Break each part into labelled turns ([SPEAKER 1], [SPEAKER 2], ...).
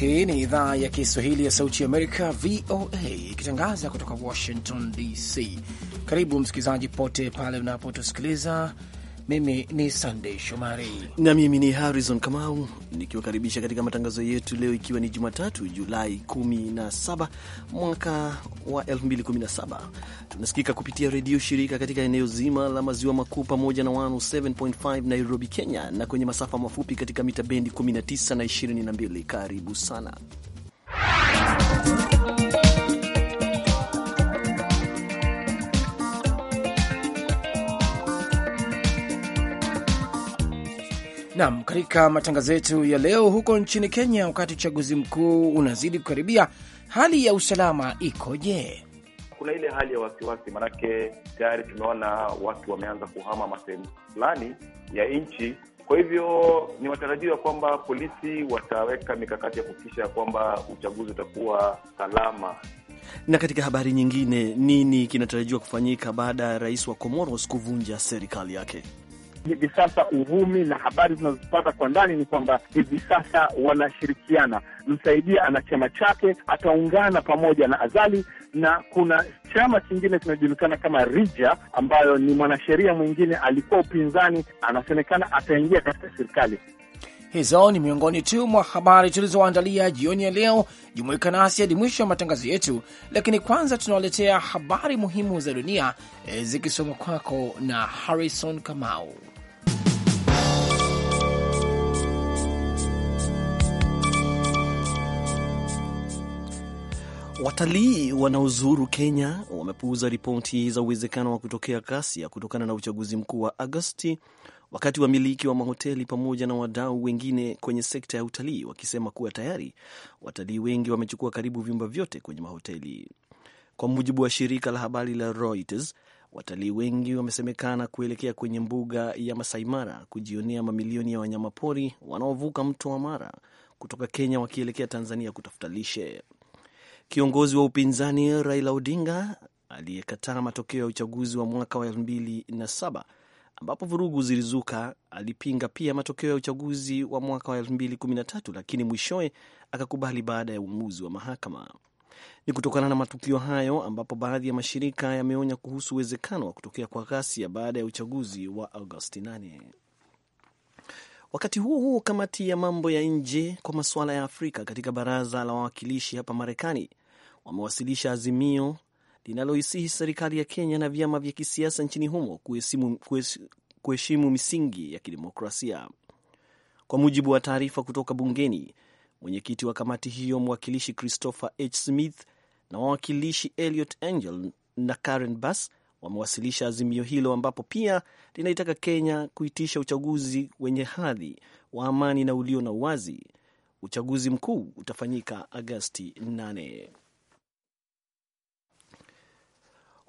[SPEAKER 1] Hii ni idhaa ya Kiswahili ya Sauti Amerika, VOA, ikitangaza kutoka Washington DC. Karibu msikilizaji pote pale unapotusikiliza mimi ni Sandey Shomari
[SPEAKER 2] na mimi ni Harrison Kamau nikiwakaribisha katika matangazo yetu leo, ikiwa ni Jumatatu Julai 17 mwaka wa 2017. Tunasikika kupitia redio shirika katika eneo zima la maziwa makuu pamoja na 107.5 Nairobi, Kenya, na kwenye masafa mafupi katika mita bendi 19 na 22. Karibu sana
[SPEAKER 1] Nam, katika matangazo yetu ya leo, huko nchini Kenya, wakati uchaguzi mkuu unazidi kukaribia, hali ya usalama ikoje?
[SPEAKER 3] Kuna ile hali ya wasiwasi, maanake tayari tumeona watu wameanza kuhama masehemu fulani ya nchi. Kwa hivyo ni ya kwamba polisi wataweka mikakati ya kuhakikisha kwamba uchaguzi utakuwa salama.
[SPEAKER 2] Na katika habari nyingine, nini kinatarajiwa kufanyika baada ya rais wa Comoros kuvunja serikali yake? Hivi sasa uvumi na habari zinazopata kwa ndani ni kwamba hivi sasa wanashirikiana. Msaidia ana
[SPEAKER 4] chama chake, ataungana pamoja na Azali, na kuna chama kingine kinajulikana kama Rija, ambayo ni mwanasheria mwingine alikuwa upinzani, anasemekana ataingia
[SPEAKER 1] katika serikali. Hizo ni miongoni tu mwa habari tulizoandalia jioni ya leo. Jumuika nasi hadi mwisho wa matangazo yetu, lakini kwanza tunawaletea habari muhimu za dunia eh, zikisoma kwako na Harrison Kamau.
[SPEAKER 2] Watalii wanaozuru Kenya wamepuuza ripoti za uwezekano wa kutokea ghasia kutokana na uchaguzi mkuu wa Agosti, wakati wamiliki wa mahoteli pamoja na wadau wengine kwenye sekta ya utalii wakisema kuwa tayari watalii wengi wamechukua karibu vyumba vyote kwenye mahoteli. Kwa mujibu wa shirika la habari la Reuters, watalii wengi wamesemekana kuelekea kwenye mbuga ya Masai Mara kujionea mamilioni ya wanyamapori wanaovuka mto wa Mara kutoka Kenya wakielekea Tanzania kutafuta lishe. Kiongozi wa upinzani Raila Odinga aliyekataa matokeo ya uchaguzi wa mwaka wa saba ambapo vurugu zilizuka, alipinga pia matokeo ya uchaguzi wa mwaka wa tatu lakini mwishowe akakubali baada ya uamuzi wa mahakama. Ni kutokana na matukio hayo ambapo baadhi ya mashirika yameonya kuhusu uwezekano wa kutokea kwa ghasia baada ya uchaguzi wa Agosti 8. Wakati huo huo, kamati ya mambo ya nje kwa masuala ya Afrika katika baraza la wawakilishi hapa Marekani wamewasilisha azimio linaloisihi serikali ya Kenya na vyama vya kisiasa nchini humo kuheshimu misingi ya kidemokrasia. Kwa mujibu wa taarifa kutoka bungeni, mwenyekiti wa kamati hiyo mwakilishi Christopher H Smith na wawakilishi Elliot Angel na Karen Bass wamewasilisha azimio hilo ambapo pia linaitaka Kenya kuitisha uchaguzi wenye hadhi wa amani na ulio na uwazi. Uchaguzi mkuu utafanyika Agasti 8.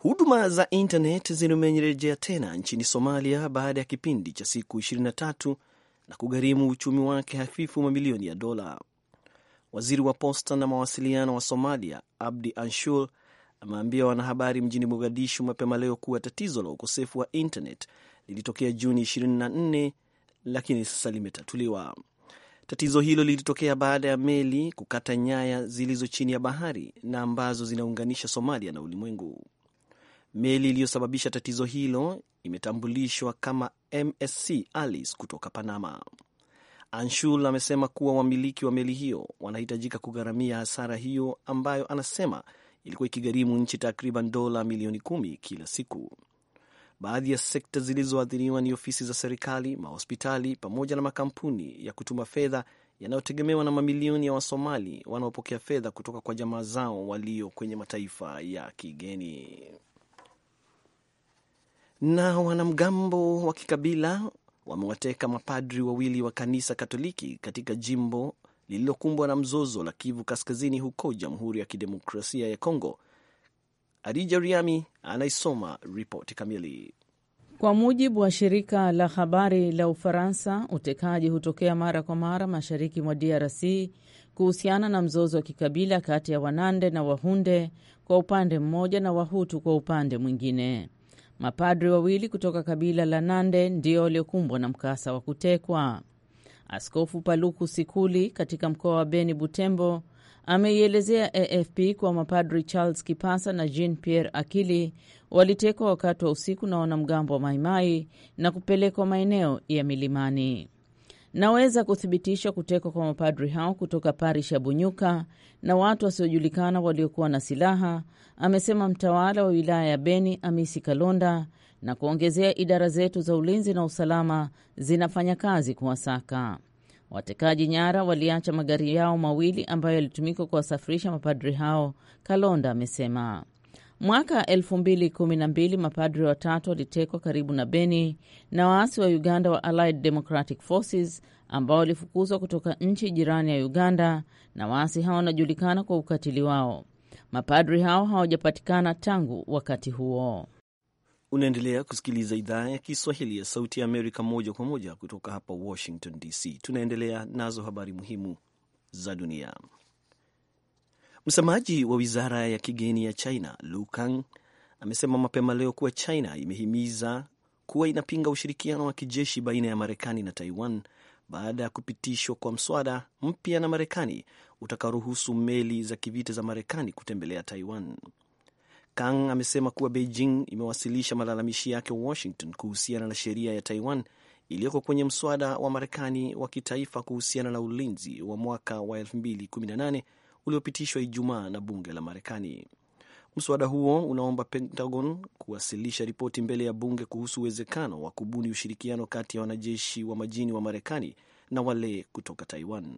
[SPEAKER 2] Huduma za intanet zimerejea tena nchini Somalia baada ya kipindi cha siku 23 na kugharimu uchumi wake hafifu mamilioni ya dola. Waziri wa posta na mawasiliano wa Somalia Abdi Anshur ameambia wanahabari mjini Mogadishu mapema leo kuwa tatizo la ukosefu wa intnet lilitokea Juni 24 lakini sasa limetatuliwa. Tatizo hilo lilitokea baada ya meli kukata nyaya zilizo chini ya bahari na ambazo zinaunganisha Somalia na ulimwengu. Meli iliyosababisha tatizo hilo imetambulishwa kama MSC Alice kutoka Panama. Anshul amesema kuwa wamiliki wa meli hiyo wanahitajika kugharamia hasara hiyo ambayo anasema ilikuwa ikigharimu nchi takriban dola milioni kumi kila siku. Baadhi ya sekta zilizoathiriwa ni ofisi za serikali, mahospitali, pamoja na makampuni ya kutuma fedha yanayotegemewa na mamilioni ya Wasomali wanaopokea fedha kutoka kwa jamaa zao walio kwenye mataifa ya kigeni. Na wanamgambo wa kikabila wamewateka mapadri wawili wa kanisa Katoliki katika jimbo lililokumbwa na mzozo la Kivu Kaskazini huko Jamhuri ya Kidemokrasia ya Kongo. Adija Riami anaisoma ripoti kamili.
[SPEAKER 5] Kwa mujibu wa shirika la habari la Ufaransa, utekaji hutokea mara kwa mara mashariki mwa DRC kuhusiana na mzozo wa kikabila kati ya Wanande na Wahunde kwa upande mmoja na Wahutu kwa upande mwingine. Mapadri wawili kutoka kabila la Nande ndio waliokumbwa na mkasa wa kutekwa. Askofu Paluku Sikuli katika mkoa wa Beni Butembo ameielezea AFP kuwa mapadri Charles Kipasa na Jean Pierre Akili walitekwa wakati wa usiku na wanamgambo wa Maimai na kupelekwa maeneo ya milimani. Naweza kuthibitisha kutekwa kwa mapadri hao kutoka parish ya Bunyuka na watu wasiojulikana waliokuwa na silaha, amesema mtawala wa wilaya ya Beni Amisi Kalonda, na kuongezea, idara zetu za ulinzi na usalama zinafanya kazi kuwasaka watekaji nyara. Waliacha magari yao mawili ambayo yalitumika kuwasafirisha mapadri hao, Kalonda amesema. Mwaka 2012 mapadri watatu walitekwa karibu na Beni na waasi wa Uganda wa Allied Democratic Forces ambao walifukuzwa kutoka nchi jirani ya Uganda, na waasi hao wanajulikana kwa ukatili wao. Mapadri hao hawajapatikana tangu wakati huo.
[SPEAKER 2] Unaendelea kusikiliza idhaa ya Kiswahili ya Sauti ya Amerika moja kwa moja kutoka hapa Washington DC. Tunaendelea nazo habari muhimu za dunia. Msemaji wa wizara ya kigeni ya China Lu Kang amesema mapema leo kuwa China imehimiza kuwa inapinga ushirikiano wa kijeshi baina ya Marekani na Taiwan baada ya kupitishwa kwa mswada mpya na Marekani utakaoruhusu meli za kivita za Marekani kutembelea Taiwan. Kang amesema kuwa Beijing imewasilisha malalamishi yake Washington kuhusiana na sheria ya Taiwan iliyoko kwenye mswada wa Marekani wa kitaifa kuhusiana na ulinzi wa mwaka wa 2018 uliopitishwa Ijumaa na bunge la Marekani. Mswada huo unaomba Pentagon kuwasilisha ripoti mbele ya bunge kuhusu uwezekano wa kubuni ushirikiano kati ya wanajeshi wa majini wa Marekani na wale kutoka Taiwan.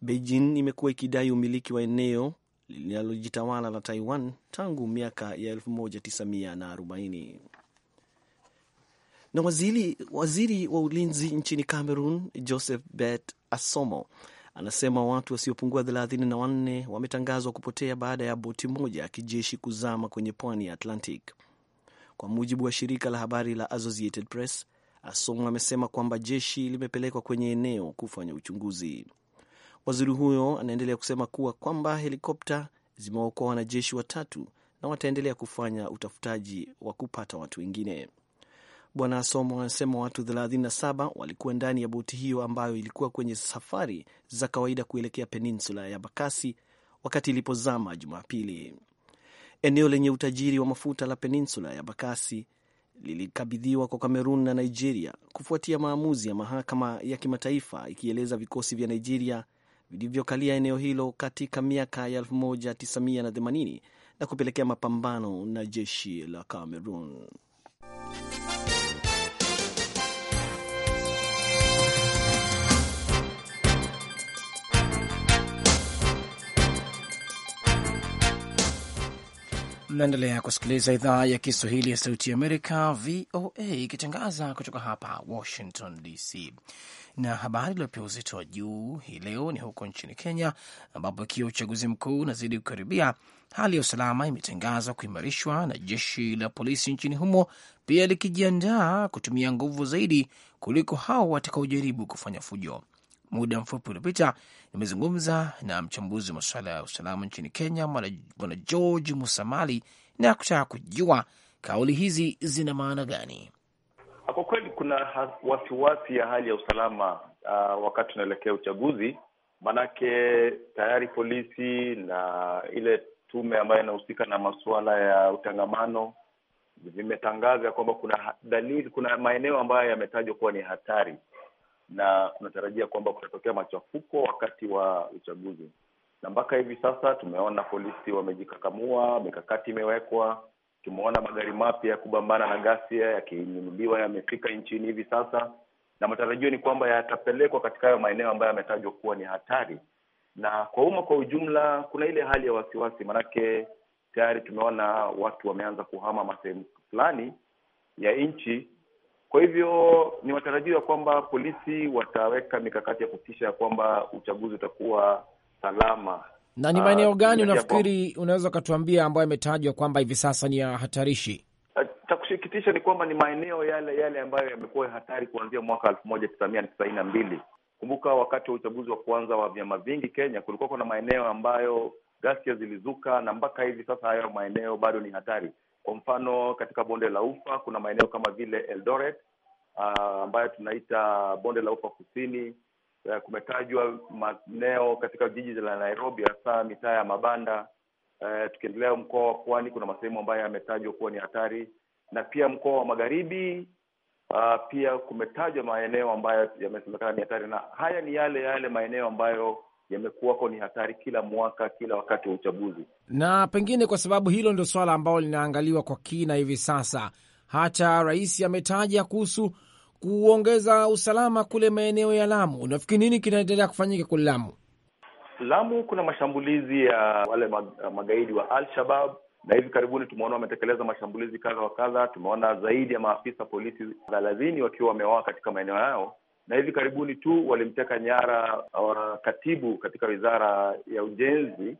[SPEAKER 2] Beijing imekuwa ikidai umiliki wa eneo linalojitawala la Taiwan tangu miaka ya 1940 na waziri, waziri wa ulinzi nchini Cameroon Joseph Bet Asomo anasema watu wasiopungua thelathini na wanne wametangazwa kupotea baada ya boti moja ya kijeshi kuzama kwenye pwani ya Atlantic. Kwa mujibu wa shirika la habari la Associated Press, Asong amesema kwamba jeshi limepelekwa kwenye eneo kufanya uchunguzi. Waziri huyo anaendelea kusema kuwa kwamba helikopta zimeokoa wanajeshi watatu na wataendelea kufanya utafutaji wa kupata watu wengine. Bwana Asomo anasema watu 37 walikuwa ndani ya boti hiyo ambayo ilikuwa kwenye safari za kawaida kuelekea peninsula ya Bakasi wakati ilipozama Jumapili. Eneo lenye utajiri wa mafuta la peninsula ya Bakasi lilikabidhiwa kwa Kamerun na Nigeria kufuatia maamuzi ya mahakama ya kimataifa ikieleza vikosi vya Nigeria vilivyokalia eneo hilo katika miaka ya 1980 na kupelekea mapambano na jeshi la Kamerun.
[SPEAKER 1] Mnaendelea kusikiliza idhaa ya Kiswahili ya Sauti ya Amerika, VOA, ikitangaza kutoka hapa Washington DC. Na habari iliyopewa uzito wa juu hii leo ni huko nchini Kenya, ambapo ikiwa uchaguzi mkuu unazidi kukaribia, hali ya usalama imetangazwa kuimarishwa na jeshi la polisi nchini humo, pia likijiandaa kutumia nguvu zaidi kuliko hao watakaojaribu kufanya fujo muda mfupi uliopita nimezungumza na mchambuzi wa masuala ya usalama nchini Kenya, Bwana George Musamali, na kutaka kujua kauli hizi zina maana gani.
[SPEAKER 3] Kwa kweli kuna wasiwasi ya hali ya usalama uh, wakati unaelekea uchaguzi, maanake tayari polisi na ile tume ambayo inahusika na masuala ya utangamano vimetangaza kwamba kuna dalili, kuna maeneo ambayo yametajwa kuwa ni hatari na tunatarajia kwamba kutatokea machafuko wakati wa uchaguzi. Na mpaka hivi sasa tumeona polisi wamejikakamua, mikakati imewekwa. Tumeona magari mapya ya kubambana na ghasia yakinunuliwa, yamefika nchini hivi sasa, na matarajio ni kwamba yatapelekwa katika hayo maeneo ambayo yametajwa kuwa ni hatari. Na kwa umma kwa ujumla, kuna ile hali ya wasiwasi, maanake tayari tumeona watu wameanza kuhama masehemu fulani ya nchi kwa hivyo ni watarajiwa kwamba polisi wataweka mikakati ya kuhakikisha kwamba uchaguzi utakuwa salama. Na ni maeneo ah, gani unafikiri
[SPEAKER 1] unaweza ukatuambia ambayo yametajwa kwamba hivi sasa ni ya hatarishi?
[SPEAKER 3] Ah, cha kusikitisha ni kwamba ni maeneo yale yale ambayo yamekuwa hatari kuanzia mwaka elfu moja tisa mia tisaini na mbili. Kumbuka wakati wa uchaguzi wa kwanza wa vyama vingi Kenya, kulikuwa kuna maeneo ambayo ghasia zilizuka na mpaka hivi sasa hayo maeneo bado ni hatari. Kwa mfano katika bonde la ufa kuna maeneo kama vile Eldoret ah, ambayo uh, tunaita bonde la ufa kusini. Uh, kumetajwa maeneo katika jiji la Nairobi, hasa mitaa ya mabanda. Uh, tukiendelea mkoa wa pwani kuna masehemu ambayo yametajwa kuwa ni hatari, na pia mkoa wa magharibi uh, pia kumetajwa maeneo ambayo yamesemekana ni hatari, na haya ni yale yale maeneo ambayo yamekuwako ni hatari kila mwaka, kila wakati wa uchaguzi.
[SPEAKER 1] Na pengine kwa sababu hilo ndio swala ambalo linaangaliwa kwa kina hivi sasa, hata rais ametaja kuhusu kuongeza usalama kule maeneo ya Lamu. Unafikiri nini kinaendelea kufanyika kule Lamu?
[SPEAKER 3] Lamu kuna mashambulizi ya wale magaidi wa Al-Shabab na hivi karibuni tumeona wametekeleza mashambulizi kadha wa kadha. Tumeona zaidi ya maafisa polisi thelathini wakiwa wamewawa katika maeneo yao, na hivi karibuni tu walimteka nyara uh, katibu katika wizara ya ujenzi,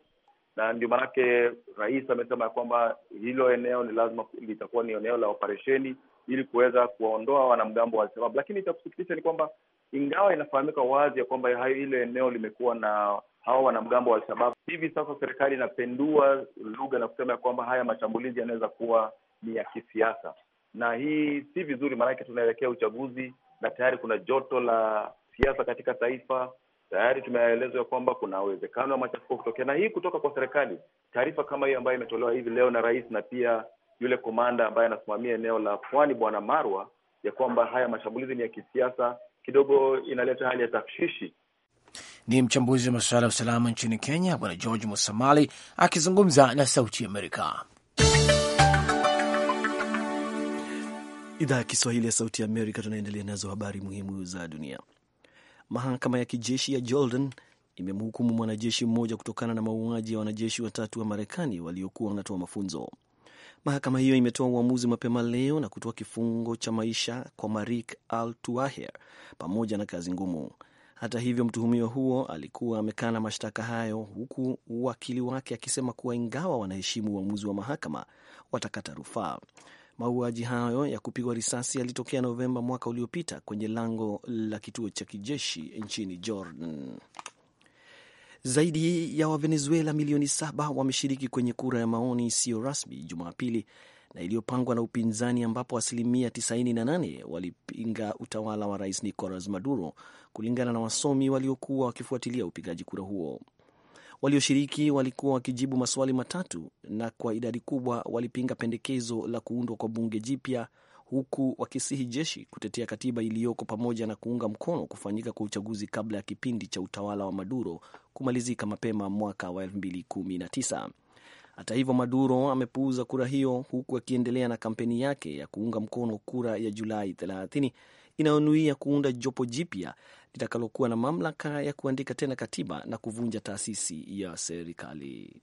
[SPEAKER 3] na ndio maanake rais amesema ya kwamba hilo eneo ni lazima litakuwa ni eneo la operesheni ili kuweza kuwaondoa wanamgambo wa Alshabab. Lakini cha kusikitisha ni kwamba ingawa inafahamika wazi ya kwamba hilo eneo limekuwa na hawa wanamgambo wa al hivi sasa serikali inapendua lugha na kusema ya kwamba haya mashambulizi yanaweza kuwa ni ya kisiasa, na hii si vizuri, maanake tunaelekea uchaguzi na tayari kuna joto la siasa katika taifa. Tayari tumeelezwa ya kwamba kuna uwezekano wa machafuko kutokea, na hii kutoka kwa serikali. Taarifa kama hii ambayo imetolewa hivi leo na rais na pia yule komanda ambaye anasimamia eneo la pwani Bwana Marwa, ya kwamba haya mashambulizi ni ya kisiasa, kidogo inaleta hali ya tafshishi.
[SPEAKER 1] Ni mchambuzi wa masuala ya usalama nchini Kenya Bwana George Musamali akizungumza na Sauti Amerika.
[SPEAKER 2] Idhaa ya Kiswahili ya Sauti ya Amerika, tunaendelea nazo habari muhimu za dunia. Mahakama ya kijeshi ya Jordan imemhukumu mwanajeshi mmoja kutokana na mauaji ya wanajeshi watatu wa Marekani waliokuwa wanatoa mafunzo. Mahakama hiyo imetoa uamuzi mapema leo na kutoa kifungo cha maisha kwa Marik Al Tuaher pamoja na kazi ngumu. Hata hivyo, mtuhumiwa huo alikuwa amekana mashtaka hayo, huku wakili wake akisema kuwa ingawa wanaheshimu uamuzi wa mahakama watakata rufaa. Mauaji hayo ya kupigwa risasi yalitokea Novemba mwaka uliopita kwenye lango la kituo cha kijeshi nchini Jordan. Zaidi ya Wavenezuela milioni saba wameshiriki kwenye kura ya maoni isiyo rasmi Jumapili na iliyopangwa na upinzani ambapo asilimia 98 walipinga utawala wa rais Nicolas Maduro, kulingana na wasomi waliokuwa wakifuatilia upigaji kura huo. Walioshiriki walikuwa wakijibu maswali matatu na kwa idadi kubwa walipinga pendekezo la kuundwa kwa bunge jipya huku wakisihi jeshi kutetea katiba iliyoko pamoja na kuunga mkono kufanyika kwa uchaguzi kabla ya kipindi cha utawala wa Maduro kumalizika mapema mwaka wa 2019. Hata hivyo, Maduro amepuuza kura hiyo huku akiendelea na kampeni yake ya kuunga mkono kura ya Julai 30 inayonuia kuunda jopo jipya litakalokuwa na mamlaka ya kuandika tena katiba na kuvunja taasisi ya serikali.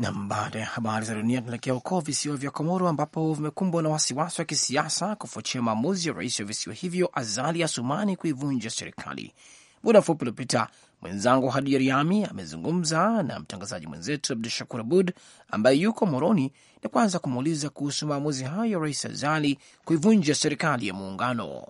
[SPEAKER 1] Nam, baada ya habari za dunia, tunaelekea huko visiwa vya Komoro ambapo vimekumbwa na wasiwasi wa kisiasa kufuatia maamuzi ya rais wa visiwa hivyo Azali Asumani kuivunja serikali. Muda mfupi uliopita, mwenzangu Hadi Riami amezungumza na mtangazaji mwenzetu Abdu Shakur Abud ambaye yuko Moroni na kwanza kumuuliza kuhusu maamuzi hayo ya rais Azali kuivunja serikali ya muungano.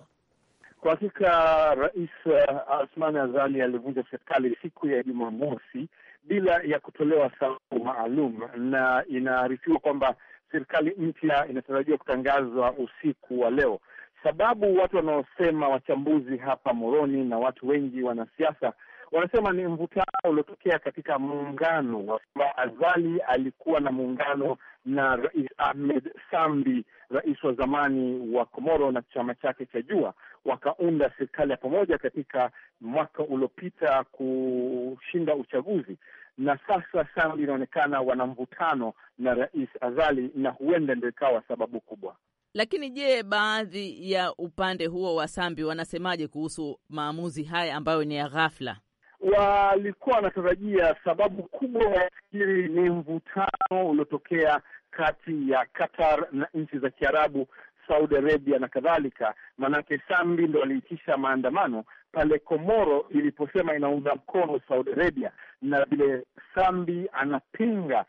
[SPEAKER 4] Kwa hakika, rais eh, Asumani Azali alivunja serikali siku ya Jumamosi bila ya kutolewa sababu maalum, na inaarifiwa kwamba serikali mpya inatarajiwa kutangazwa usiku wa leo. Sababu watu wanaosema wachambuzi hapa Moroni na watu wengi wanasiasa wanasema ni mvutano uliotokea katika muungano wa Azali, alikuwa na muungano na Rais Ahmed Sambi, rais wa zamani wa Komoro, na chama chake cha Jua, wakaunda serikali ya pamoja katika mwaka uliopita kushinda uchaguzi, na sasa Sambi inaonekana wana mvutano na Rais Azali, na huenda ndio ikawa sababu kubwa.
[SPEAKER 5] Lakini je, baadhi ya upande huo wa Sambi wanasemaje kuhusu maamuzi haya ambayo ni ya ghafla?
[SPEAKER 4] Walikuwa wanatarajia, sababu kubwa fikiri ni mvutano uliotokea kati ya Qatar na nchi za Kiarabu, Saudi Arabia na kadhalika. Maanake Sambi ndo waliitisha maandamano pale Komoro iliposema inaunga mkono Saudi Arabia, na vile Sambi anapinga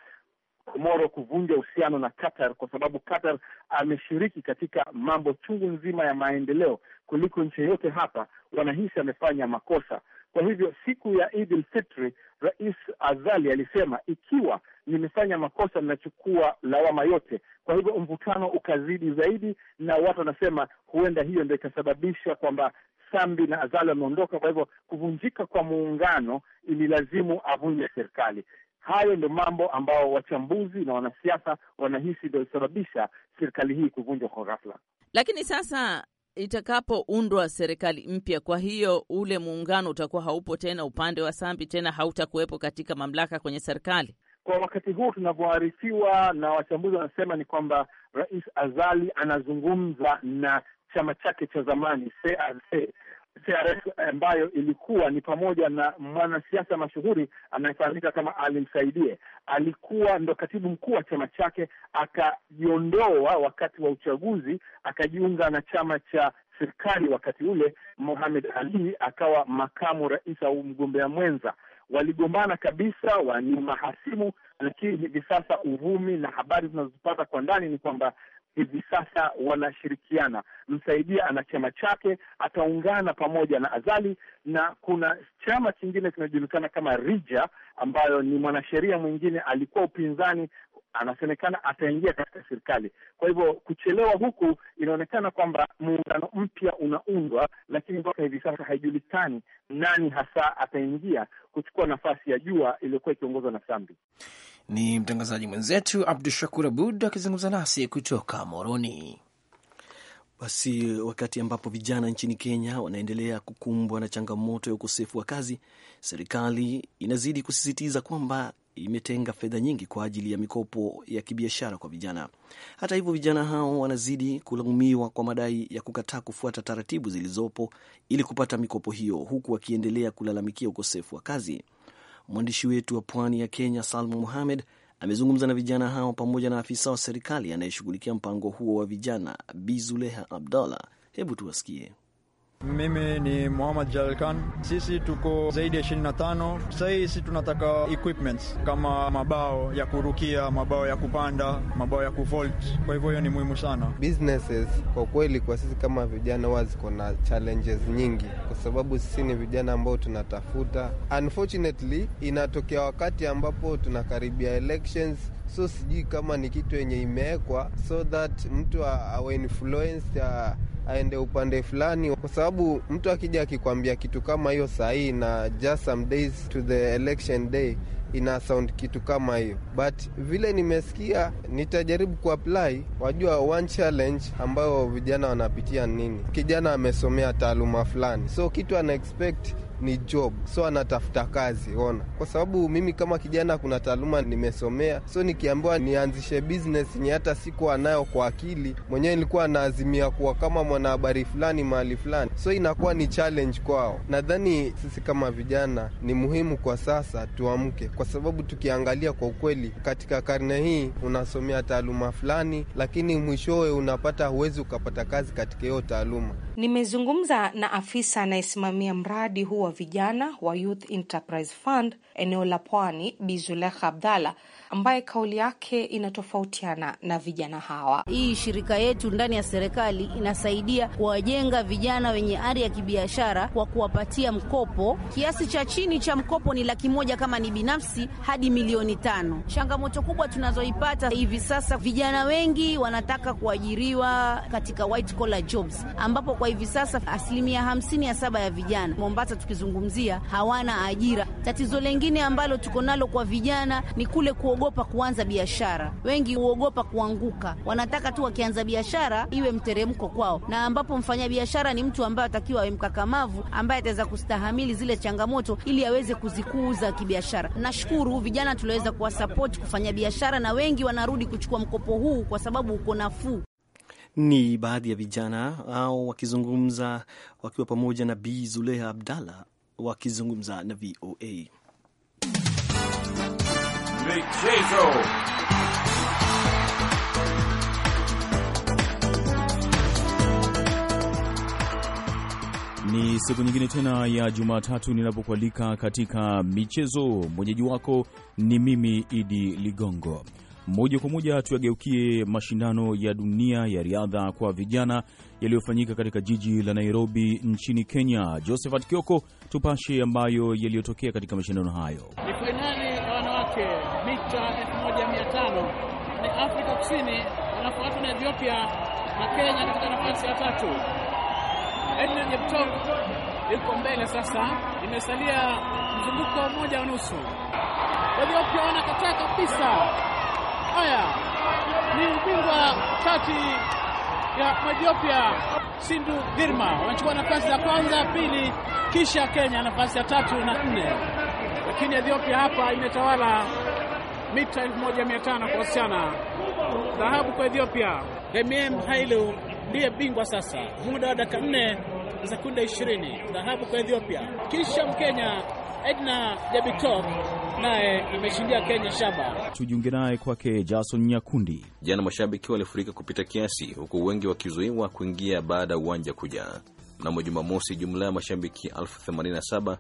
[SPEAKER 4] Komoro kuvunja uhusiano na Qatar kwa sababu Qatar ameshiriki katika mambo chungu nzima ya maendeleo kuliko nchi yoyote hapa, wanahisi amefanya makosa. Kwa hivyo siku ya Eid fitri Rais Azali alisema ikiwa nimefanya makosa, ninachukua lawama yote. Kwa hivyo mvutano ukazidi zaidi, na watu wanasema huenda hiyo ndio ikasababisha kwamba Sambi na Azali wameondoka. Kwa hivyo kuvunjika kwa muungano ililazimu avunje serikali. Hayo ndio mambo ambao wachambuzi na wanasiasa wanahisi ndio sababisha serikali hii kuvunjwa kwa ghafla.
[SPEAKER 5] Lakini sasa itakapoundwa serikali mpya, kwa hiyo ule muungano utakuwa haupo tena upande wa Sambi, tena hautakuwepo katika mamlaka kwenye serikali.
[SPEAKER 4] Kwa wakati huu tunavyoarifiwa na wachambuzi wanasema ni kwamba Rais Azali anazungumza na chama chake cha zamani TRF eh, ambayo ilikuwa ni pamoja na mwanasiasa mashuhuri anayefahamika kama Alimsaidie, alikuwa ndo katibu mkuu wa chama chake, akajiondoa wakati wa uchaguzi, akajiunga na chama cha serikali wakati ule. Mohamed Ali akawa makamu rais au mgombea mwenza, waligombana kabisa, wani mahasimu. Lakini hivi sasa uvumi na habari zinazopata kwa ndani ni kwamba hivi sasa wanashirikiana. Msaidia ana chama chake, ataungana pamoja na Azali, na kuna chama kingine kinajulikana kama Rija, ambayo ni mwanasheria mwingine alikuwa upinzani, anasemekana ataingia katika serikali. Kwa hivyo kuchelewa huku, inaonekana kwamba muungano mpya unaundwa, lakini mpaka hivi sasa haijulikani nani hasa ataingia kuchukua nafasi ya Jua iliyokuwa ikiongozwa na Sambi.
[SPEAKER 1] Ni mtangazaji mwenzetu Abdu Shakur Abud akizungumza nasi kutoka Moroni.
[SPEAKER 2] Basi wakati ambapo vijana nchini Kenya wanaendelea kukumbwa na changamoto ya ukosefu wa kazi, serikali inazidi kusisitiza kwamba imetenga fedha nyingi kwa ajili ya mikopo ya kibiashara kwa vijana. Hata hivyo, vijana hao wanazidi kulaumiwa kwa madai ya kukataa kufuata taratibu zilizopo ili kupata mikopo hiyo, huku wakiendelea kulalamikia ukosefu wa kazi. Mwandishi wetu wa pwani ya Kenya, Salma Muhamed, amezungumza na vijana hao pamoja na afisa wa serikali anayeshughulikia mpango huo wa vijana, bizuleha Abdallah. Hebu tuwasikie.
[SPEAKER 6] Mimi ni Muhammad Jalkan. Sisi tuko zaidi ya 25. Sasa sisi tunataka equipments kama mabao ya kurukia, mabao ya kupanda, mabao ya kuvolt. Kwa hivyo hiyo ni muhimu sana. Businesses kwa kweli, kwa sisi kama vijana huwa ziko na challenges nyingi, kwa sababu sisi ni vijana ambao tunatafuta. Unfortunately, inatokea wakati ambapo tunakaribia elections so sijui kama ni kitu yenye imewekwa so that mtu awe influenced aende upande fulani, kwa sababu mtu akija akikwambia kitu kama hiyo sahii na just some days to the election day ina sound kitu kama hiyo, but vile nimesikia, nitajaribu kuapply. Wajua, one challenge ambayo vijana wanapitia nini? Kijana amesomea taaluma fulani, so kitu ana expect ni job, so anatafuta kazi. Ona, kwa sababu mimi kama kijana, kuna taaluma nimesomea, so nikiambiwa nianzishe business ni hata sikuwa nayo kwa akili mwenyewe, nilikuwa naazimia kuwa kama mwanahabari fulani mahali fulani, so inakuwa ni challenge kwao. Nadhani sisi kama vijana ni muhimu kwa sasa tuamke, kwa sababu tukiangalia kwa ukweli, katika karne hii unasomea taaluma fulani, lakini mwishowe unapata huwezi ukapata kazi katika hiyo taaluma.
[SPEAKER 5] Nimezungumza na afisa anayesimamia mradi wa vijana wa Youth Enterprise Fund eneo la Pwani, bizuleh abdallah Abdalla ambaye kauli yake inatofautiana na vijana hawa. Hii shirika yetu ndani ya serikali inasaidia kuwajenga vijana wenye ari ya kibiashara kwa kuwapatia mkopo. Kiasi cha chini cha mkopo ni laki moja kama ni binafsi hadi milioni tano. Changamoto kubwa tunazoipata hivi sasa, vijana wengi wanataka kuajiriwa katika white collar jobs, ambapo kwa hivi sasa asilimia hamsini ya saba ya vijana Mombasa tukizungumzia hawana ajira. Tatizo lengine ambalo tuko nalo kwa vijana ni kule kuogopa wanaogopa kuanza biashara, wengi huogopa kuanguka. Wanataka tu wakianza biashara iwe mteremko kwao, na ambapo mfanya biashara ni mtu ambaye atakiwa awe mkakamavu, ambaye ataweza kustahamili zile changamoto ili aweze kuzikuuza kibiashara. Nashukuru vijana tuliweza kuwasapoti kufanya biashara, na wengi wanarudi kuchukua mkopo huu kwa sababu uko nafuu.
[SPEAKER 2] Ni baadhi ya vijana au wakizungumza wakiwa pamoja na Bi Zuleha Abdallah wakizungumza na VOA
[SPEAKER 7] michezo.
[SPEAKER 8] Ni siku nyingine tena ya Jumatatu ninapokualika katika michezo. Mwenyeji wako ni mimi Idi Ligongo. Moja kwa moja tuyageukie mashindano ya dunia ya riadha kwa vijana yaliyofanyika katika jiji la Nairobi nchini Kenya. Josephat Kioko, tupashe ambayo yaliyotokea katika mashindano hayo yake mita 1500
[SPEAKER 7] ni Afrika Kusini, wanafuatwa na Ethiopia na Kenya katika nafasi ya tatu. Edna Jeptok yuko mbele sasa, imesalia mzunguko mmoja wa nusu. Ethiopia wanakataa kabisa. Haya ni ubingwa kati ya Ethiopia.
[SPEAKER 9] Sindu Girma wanachukua nafasi ya kwanza, pili, kisha Kenya nafasi ya tatu na nne lakini Ethiopia hapa imetawala mita 1500 kwa wasichana. Dhahabu kwa Ethiopia. Hemiem Hailu ndiye bingwa sasa,
[SPEAKER 8] muda wa dakika 4 na sekunde 20. Dhahabu kwa Ethiopia, kisha Mkenya
[SPEAKER 7] Edna Jabitok naye imeshindia Kenya shaba.
[SPEAKER 8] Tujiunge naye kwake Jason Nyakundi.
[SPEAKER 10] Jana mashabiki walifurika kupita kiasi, huku wengi wakizuiwa kuingia baada ya uwanja kuja. Mnamo Jumamosi, jumla ya mashabiki elfu 87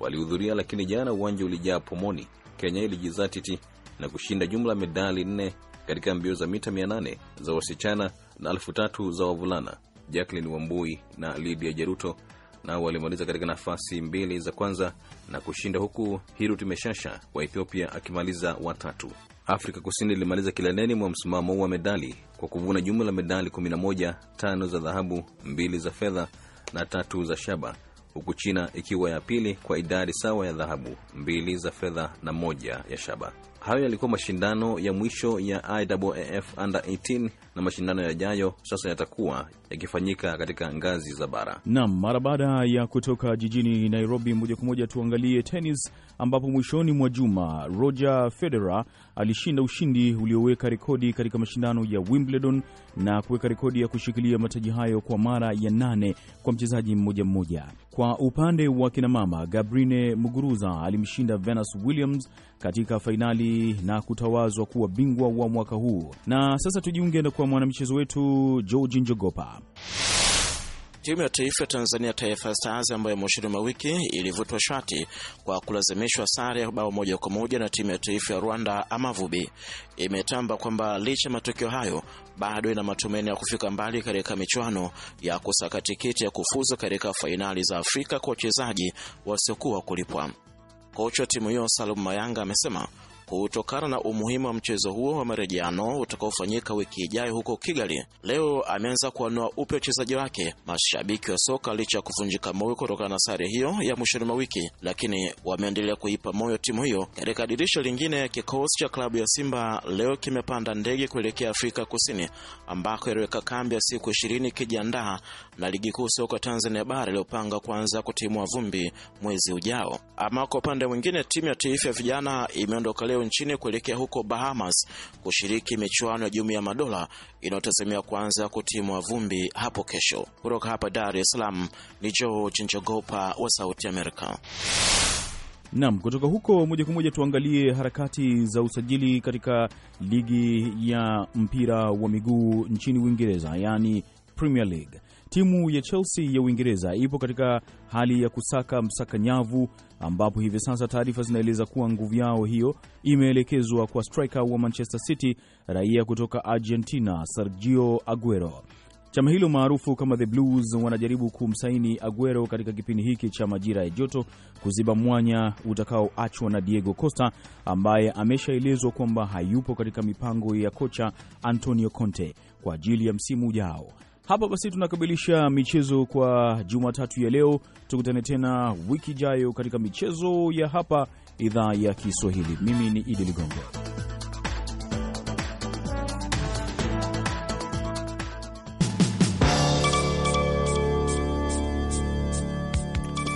[SPEAKER 10] walihudhuria, lakini jana uwanja ulijaa pomoni. Kenya ilijizatiti na kushinda jumla medali nne katika mbio za mita 800 za wasichana na elfu tatu za wavulana. Jacqueline Wambui na Lydia Jeruto nao walimaliza katika nafasi mbili za kwanza na kushinda, huku Hirut Meshasha wa Ethiopia akimaliza watatu. Afrika Kusini ilimaliza kileleni mwa msimamo huu wa medali kwa kuvuna jumla medali 11, tano za dhahabu, mbili za fedha na tatu za shaba huku China ikiwa ya pili kwa idadi sawa ya dhahabu, mbili za fedha na moja ya shaba. Hayo yalikuwa mashindano ya mwisho ya IAAF Under 18 na mashindano yajayo sasa yatakuwa yakifanyika katika ngazi za bara.
[SPEAKER 8] Naam, mara baada ya kutoka jijini Nairobi, moja kwa moja tuangalie tenis, ambapo mwishoni mwa juma Roger Federer alishinda ushindi ulioweka rekodi katika mashindano ya Wimbledon na kuweka rekodi ya kushikilia mataji hayo kwa mara ya nane kwa mchezaji mmoja mmoja. Kwa upande wa kinamama, Gabrine Muguruza alimshinda Venus Williams katika fainali na kutawazwa kuwa bingwa wa mwaka huu. Na sasa tujiunge kwa mwanamchezo wetu Georgi Njogopa.
[SPEAKER 7] Timu ya taifa ya Tanzania Taifa Stars ambayo mwishoni mwa wiki ilivutwa shati kwa kulazimishwa sare ya bao moja kwa moja na timu ya taifa ya Rwanda Amavubi imetamba kwamba licha ya matokeo hayo bado ina matumaini ya kufika mbali katika michuano ya kusaka tikiti ya kufuzu katika fainali za Afrika kwa wachezaji wasiokuwa kulipwa. Kocha wa timu hiyo Salum Mayanga amesema kutokana na umuhimu wa mchezo huo wa marejeano utakaofanyika wiki ijayo huko Kigali. Leo ameanza kuanua upya wachezaji wake, mashabiki wa soka licha ya kuvunjika moyo kutokana na sare hiyo ya mwishoni mwa wiki, lakini wameendelea kuipa moyo timu hiyo. Katika dirisha lingine, kikosi cha klabu ya Simba leo kimepanda ndege kuelekea Afrika Kusini ambako iliweka kambi ya siku ishirini ikijiandaa na ligi kuu soka Tanzania bara iliyopanga kuanza kutimua vumbi mwezi ujao. Ama kwa upande mwingine, timu ya taifa ya vijana imeondoka leo leo nchini kuelekea huko Bahamas kushiriki michuano ya Jumuiya ya Madola inayotazamia kuanza kutimwa vumbi hapo kesho. Kutoka hapa Dar es Salaam ni George Njogopa wa Sauti Amerika.
[SPEAKER 8] Nam, kutoka huko moja kwa moja tuangalie harakati za usajili katika ligi ya mpira wa miguu nchini Uingereza, yaani Premier League. Timu ya Chelsea ya Uingereza ipo katika hali ya kusaka msaka nyavu ambapo hivi sasa taarifa zinaeleza kuwa nguvu yao hiyo imeelekezwa kwa striker wa Manchester City, raia kutoka Argentina Sergio Aguero. Chama hilo maarufu kama The Blues wanajaribu kumsaini Aguero katika kipindi hiki cha majira ya joto kuziba mwanya utakaoachwa na Diego Costa ambaye ameshaelezwa kwamba hayupo katika mipango ya kocha Antonio Conte kwa ajili ya msimu ujao. Hapa basi tunakamilisha michezo kwa Jumatatu ya leo. Tukutane tena wiki ijayo katika michezo ya hapa idhaa ya Kiswahili. Mimi ni Idi Ligongo.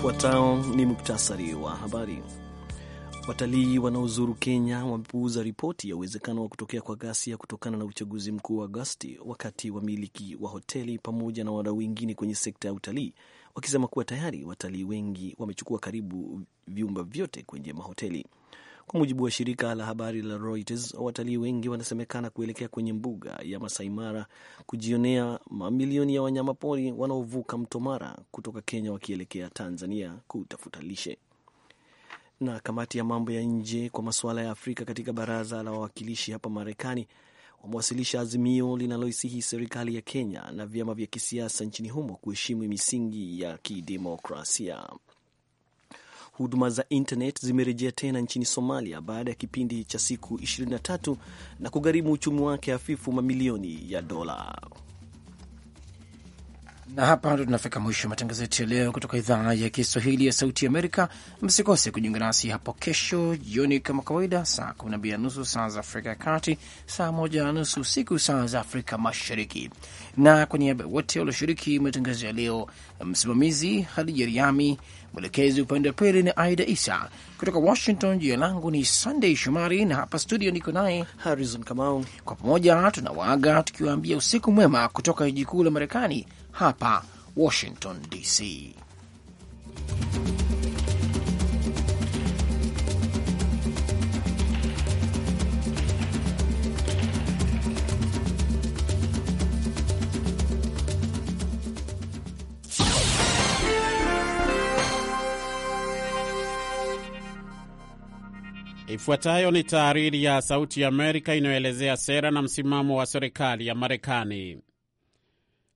[SPEAKER 2] Fuatao ni muktasari wa habari. Watalii wanaozuru Kenya wamepuuza ripoti ya uwezekano wa kutokea kwa ghasia kutokana na uchaguzi mkuu wa Agosti, wakati wamiliki wa hoteli pamoja na wadau wengine kwenye sekta ya utalii wakisema kuwa tayari watalii wengi wamechukua karibu vyumba vyote kwenye mahoteli. Kwa mujibu wa shirika la habari la Reuters, watalii wengi wanasemekana kuelekea kwenye mbuga ya Masai Mara kujionea mamilioni ya wanyamapori wanaovuka mto Mara kutoka Kenya wakielekea Tanzania kutafuta lishe na kamati ya mambo ya nje kwa masuala ya Afrika katika baraza la wawakilishi hapa Marekani wamewasilisha azimio linaloisihi serikali ya Kenya na vyama vya kisiasa nchini humo kuheshimu misingi ya kidemokrasia. Huduma za internet zimerejea tena nchini Somalia baada ya kipindi cha siku 23 na kugharimu uchumi wake hafifu mamilioni ya dola
[SPEAKER 1] na hapa ndo tunafika mwisho wa matangazo yetu ya leo kutoka idhaa ya Kiswahili ya Sauti Amerika. Msikose kujiunga nasi hapo kesho jioni kama kawaida, saa kumi na mbili na nusu saa za Afrika ya Kati, saa moja na nusu usiku saa za Afrika Mashariki. Na kwa niaba wote walioshiriki matangazo ya leo, msimamizi Hadija Riami, mwelekezi upande wa pili ni Aida Isa kutoka Washington. Jina langu ni Sandey Shomari na hapa studio niko naye Harrison Kamau. Kwa pamoja tunawaaga tukiwaambia usiku mwema kutoka jiji kuu la Marekani, hapa Washington DC.
[SPEAKER 9] Ifuatayo ni tahariri ya Sauti ya Amerika inayoelezea sera na msimamo wa serikali ya Marekani.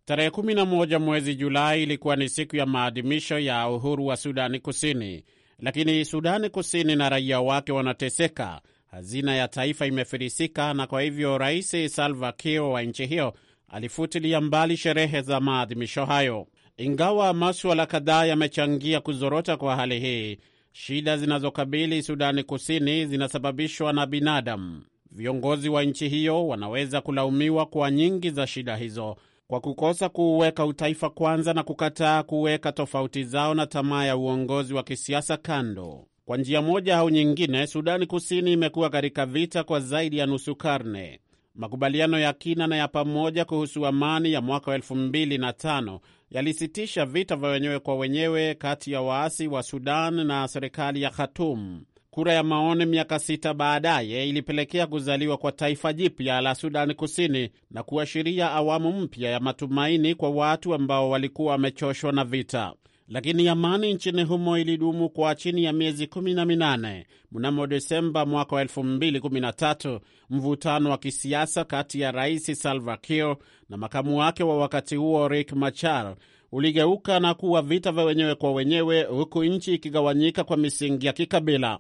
[SPEAKER 9] Tarehe 11 mwezi Julai ilikuwa ni siku ya maadhimisho ya uhuru wa Sudani Kusini, lakini Sudani Kusini na raia wake wanateseka. Hazina ya taifa imefilisika, na kwa hivyo Rais Salva Kiir wa nchi hiyo alifutilia mbali sherehe za maadhimisho hayo. Ingawa maswala kadhaa yamechangia kuzorota kwa hali hii, shida zinazokabili Sudani Kusini zinasababishwa na binadamu. Viongozi wa nchi hiyo wanaweza kulaumiwa kwa nyingi za shida hizo kwa kukosa kuuweka utaifa kwanza na kukataa kuweka tofauti zao na tamaa ya uongozi wa kisiasa kando. Kwa njia moja au nyingine, Sudani Kusini imekuwa katika vita kwa zaidi ya nusu karne. Makubaliano ya kina na ya pamoja kuhusu amani ya mwaka wa elfu mbili na tano yalisitisha vita vya wenyewe kwa wenyewe kati ya waasi wa Sudan na serikali ya Khartoum. Kura ya maoni miaka sita baadaye ilipelekea kuzaliwa kwa taifa jipya la Sudan Kusini na kuashiria awamu mpya ya matumaini kwa watu ambao walikuwa wamechoshwa na vita. Lakini amani nchini humo ilidumu kwa chini ya miezi kumi na minane. Mnamo Desemba mwaka wa elfu mbili kumi na tatu, mvutano wa kisiasa kati ya Rais Salva Kiir na makamu wake wa wakati huo Riek Machar uligeuka na kuwa vita vya wenyewe kwa wenyewe, huku nchi ikigawanyika kwa misingi ya kikabila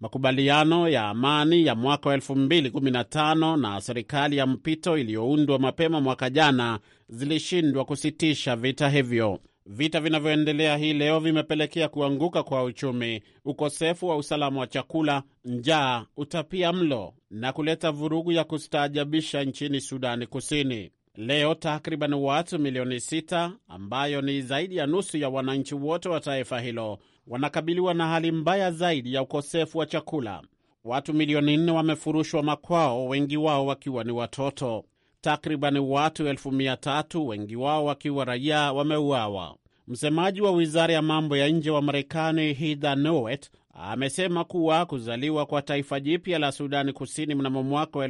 [SPEAKER 9] makubaliano ya amani ya mwaka wa 2015 na serikali ya mpito iliyoundwa mapema mwaka jana zilishindwa kusitisha vita hivyo. Vita vinavyoendelea hii leo vimepelekea kuanguka kwa uchumi, ukosefu wa usalama wa chakula, njaa, utapia mlo na kuleta vurugu ya kustaajabisha nchini Sudani Kusini. Leo takriban watu milioni sita, ambayo ni zaidi ya nusu ya wananchi wote wa taifa hilo wanakabiliwa na hali mbaya zaidi ya ukosefu wa chakula. Watu milioni nne wamefurushwa makwao, wengi wao wakiwa ni watoto. Takriban watu elfu mia tatu, wengi wao wakiwa raia, wameuawa. Msemaji wa wizara ya mambo ya nje wa Marekani Heather Nauert amesema kuwa kuzaliwa kwa taifa jipya la Sudani Kusini mnamo mwaka wa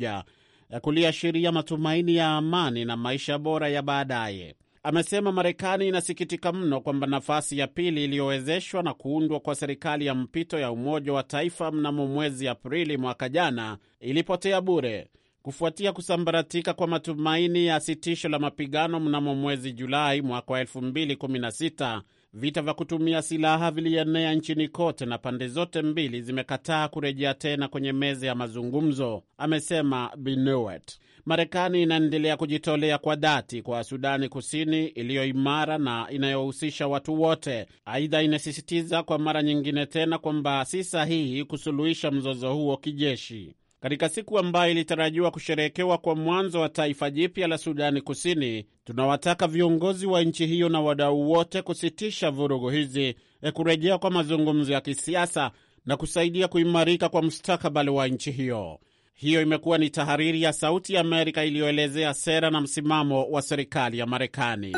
[SPEAKER 9] ya eh, kuliashiria matumaini ya amani na maisha bora ya baadaye amesema Marekani inasikitika mno kwamba nafasi ya pili iliyowezeshwa na kuundwa kwa serikali ya mpito ya umoja wa taifa mnamo mwezi Aprili mwaka jana ilipotea bure kufuatia kusambaratika kwa matumaini ya sitisho la mapigano mnamo mwezi Julai mwaka wa 2016. Vita vya kutumia silaha vilienea nchini kote na pande zote mbili zimekataa kurejea tena kwenye meza ya mazungumzo, amesema Binowet. Marekani inaendelea kujitolea kwa dhati kwa Sudani Kusini iliyo imara na inayohusisha watu wote. Aidha, inasisitiza kwa mara nyingine tena kwamba si sahihi kusuluhisha mzozo huo kijeshi. Katika siku ambayo ilitarajiwa kusherehekewa kwa mwanzo wa taifa jipya la Sudani Kusini, tunawataka viongozi wa nchi hiyo na wadau wote kusitisha vurugu hizi, eh, kurejea kwa mazungumzo ya kisiasa na kusaidia kuimarika kwa mustakabali wa nchi hiyo. Hiyo imekuwa ni tahariri ya Sauti ya Amerika iliyoelezea sera na msimamo wa serikali ya Marekani.